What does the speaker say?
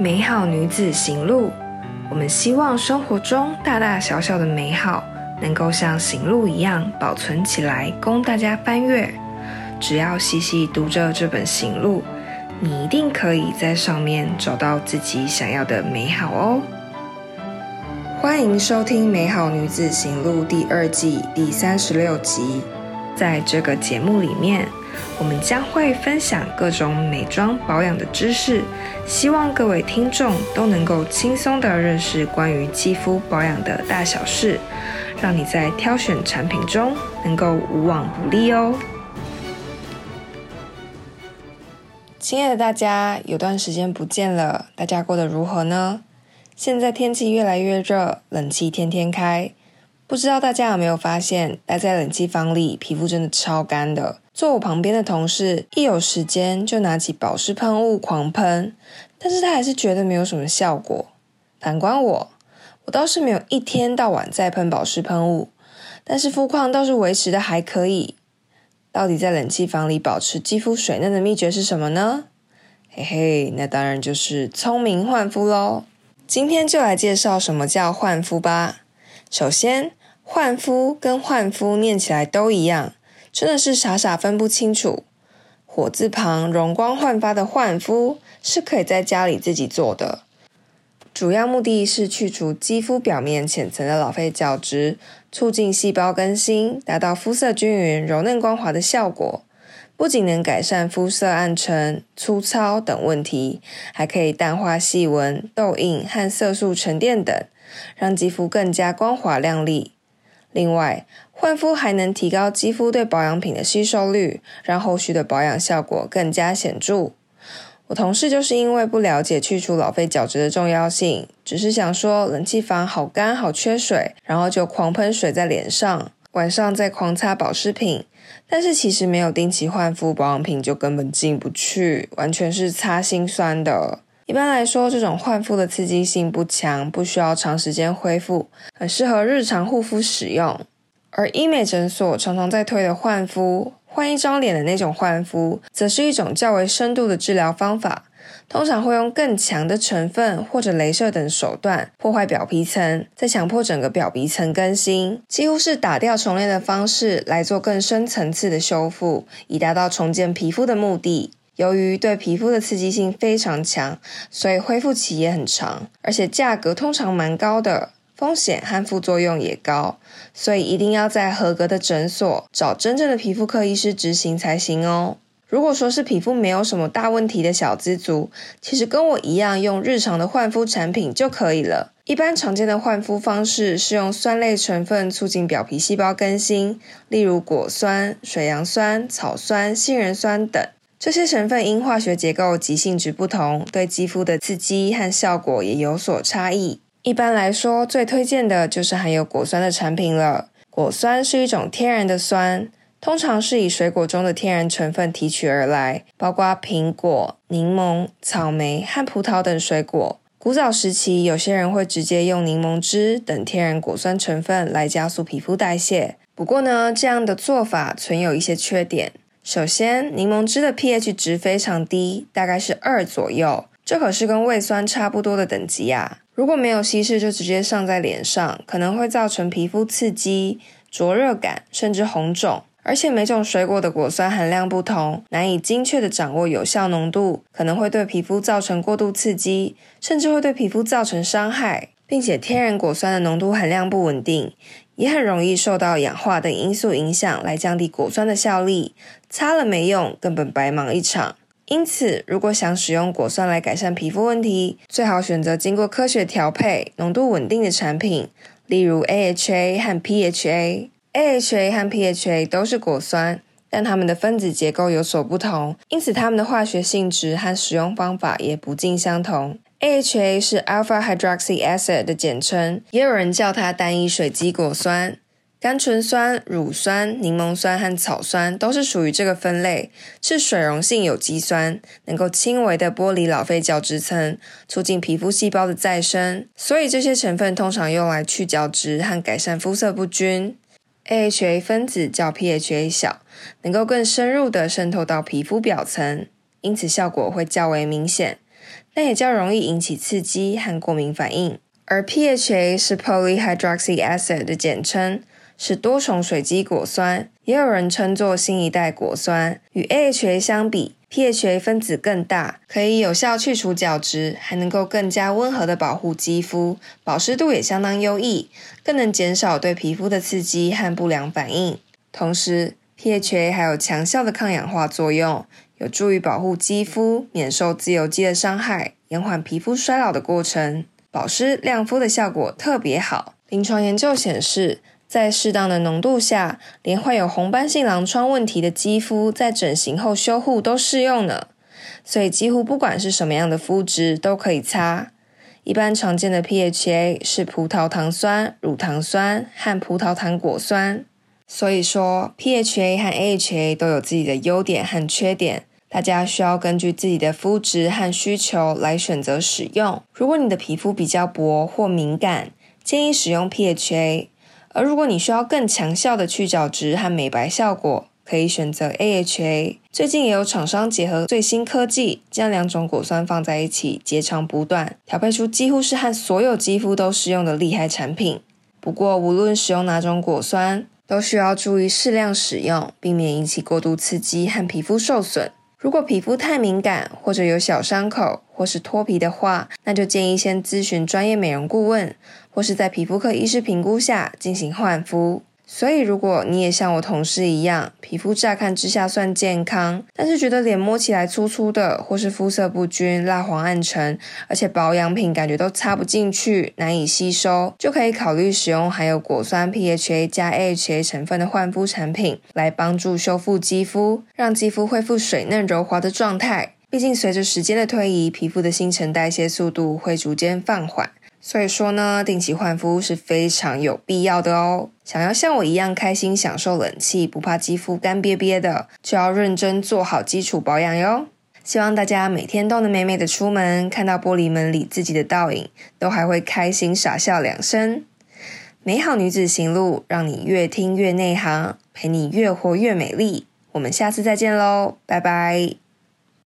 美好女子行路，我們希望生活中大大小小的美好，能夠像行路一樣保存起來，供大家翻閱。只要細細讀着這本行路，你一定可以在上面找到自己想要的美好哦。歡迎收聽《美好女子行路》第二季第三十六集。在這個節目裡面，我們將會分享各種美妝保養的知識，希望各位聽眾都能夠輕鬆的認識關於肌膚保養的大小事，讓你在挑選產品中能夠無往不利哦。親愛的大家，有段時間不見了，大家過得如何呢？現在天氣越來越熱，冷氣天天開。不知道大家有沒有發現，待在冷氣房裡，皮膚真的超乾的。坐我旁邊的同事，一有時間就拿起保濕噴霧狂噴，但是他還是覺得沒有什麼效果。反觀我，我倒是沒有一天到晚在噴保濕噴霧，但是膚況倒是維持得還可以。到底在冷氣房裡保持肌膚水嫩的秘訣是什麼呢？嘿嘿，那當然就是聰明換膚嘍。今天就來介紹什麼叫換膚吧。首先。煥膚跟煥膚念起來都一樣，真的是傻傻分不清楚。火字旁“容光煥發”的煥膚是可以在家裡自己做的，主要目的是去除肌膚表面淺層的老廢角質，促進細胞更新，達到膚色均勻、柔嫩光滑的效果。不僅能改善膚色暗沉、粗糙等問題，還可以淡化細紋、痘印和色素沉澱等，讓肌膚更加光滑亮麗。另外，煥膚還能提高肌膚對保養品的吸收率，讓後續的保養效果更加顯著。我同事就是因為不了解去除老廢角質的重要性，只是想說冷氣房好乾好缺水，然後就狂噴水在臉上，晚上再狂擦保濕品，但是其實沒有定期煥膚，保養品就根本進不去，完全是擦心酸的。一般來說，這種煥膚的刺激性不強，不需要長時間恢復，很適合日常護膚使用。而醫美診所常常在推的煥膚，換一張臉的那種煥膚，則是一種較為深度的治療方法，通常會用更強的成分或者雷射等手段破壞表皮層，再強迫整個表皮層更新，幾乎是打掉重練的方式來做更深層次的修復，以達到重建皮膚的目的。由於對皮膚的刺激性非常強，所以恢復期也很長，而且價格通常蠻高的，風險和副作用也高，所以一定要在合格的診所找真正的皮膚科醫師執行才行哦。如果說是皮膚沒有什麼大問題的小資族，其實跟我一樣用日常的煥膚產品就可以了。一般常見的煥膚方式是用酸類成分促進表皮細胞更新，例如果酸、水楊酸、酸、草酸、杏仁酸等。這些成分因化學結構及性質不同，對肌膚的刺激和效果也有所差異。一般來說，最推薦的就是含有果酸的產品了。果酸是一種天然的酸，通常是以水果中的天然成分提取而來，包括蘋果、檸檬、草莓和葡萄等水果。古早時期，有些人會直接用檸檬汁等天然果酸成分來加速皮膚代謝。不過呢，這樣的做法存有一些缺點。首先，檸檬汁的 pH 值非常低，大概是二左右，這可是跟胃酸差不多的等級啊！如果沒有稀釋就直接上在臉上，可能會造成皮膚刺激、灼熱感，甚至紅腫。而且每種水果的果酸含量不同，難以精確地掌握有效濃度，可能會對皮膚造成過度刺激，甚至會對皮膚造成傷害。並且天然果酸的濃度含量不穩定。也很容易受到氧化等因素影響，來降低果酸的效力。擦了沒用，根本白忙一場。因此，如果想使用果酸來改善皮膚問題，最好選擇經過科學調配、濃度穩定的產品，例如 AHA 和 PHA。AHA 和 PHA 都是果酸，但它們的分子結構有所不同，因此它們的化學性質和使用方法也不盡相同。AHA 是 Alpha Hydroxy Acid 的簡稱，也有人叫它單一水基果酸。甘醇酸、乳酸、檸檬酸和草酸都是屬於這個分類，是水溶性有機酸，能夠輕微的剝離老廢角質層，促進皮膚細胞的再生。所以這些成分通常用來去角質和改善膚色不均。AHA 分子較 PHA 小，能夠更深入的滲透到皮膚表層，因此效果會較為明顯。但也較容易引起刺激和過敏反應。而 PHA 是 polyhydroxy acid 的簡稱，是多重水基果酸，也有人稱作新一代果酸。與 AHA 相比，PHA 分子更大，可以有效去除角質，還能夠更加溫和地保護肌膚，保濕度也相當優異，更能減少對皮膚的刺激和不良反應。同時，PHA 還有強效的抗氧化作用。有助於保護肌膚免受自由基的傷害，延緩皮膚衰老的過程，保濕亮膚的效果特別好。臨床研究顯示，在適當的濃度下，連患有紅斑性狼瘡問題的肌膚在整形後修護都適用呢，所以幾乎不管是什麼樣的膚質都可以擦。一般常見的 PHA 是葡萄糖酸、乳糖酸和葡萄糖果酸，所以說 PHA 和 AHA 都有自己的優點和缺點。大家需要根據自己的膚質和需求來選擇使用。如果你的皮膚比較薄或敏感，建議使用 PHA；而如果你需要更強效的去角質和美白效果，可以選擇 AHA。最近也有廠商結合最新科技，將兩種果酸放在一起，截長補短，調配出幾乎是和所有肌膚都適用的厲害產品。不過，無論使用哪種果酸，都需要注意適量使用，避免引起過度刺激和皮膚受損。如果皮膚太敏感，或者有小傷口，或是脫皮的話，那就建議先諮詢專業美容顧問，或是在皮膚科醫師評估下進行煥膚。所以，如果你也像我同事一樣，皮膚乍看之下算健康，但是覺得臉摸起來粗粗的，或是膚色不均、蠟黃暗沉，而且保養品感覺都擦不進去、難以吸收，就可以考慮使用含有果酸、PHA 加 AHA 成分的煥膚產品，來幫助修復肌膚，讓肌膚恢復水嫩柔滑的狀態。畢竟，隨着時間的推移，皮膚的新陳代謝速度會逐漸放緩。所以說呢，定期煥膚是非常有必要的哦。想要像我一樣開心享受冷氣，不怕肌膚乾癟癟的，就要認真做好基礎保養喲。希望大家每天都能美美的出門，看到玻璃門裡自己的倒影，都還會開心傻笑兩聲。美好女子行路，讓你越聽越內行，陪你越活越美麗。我們下次再見嘍，拜拜。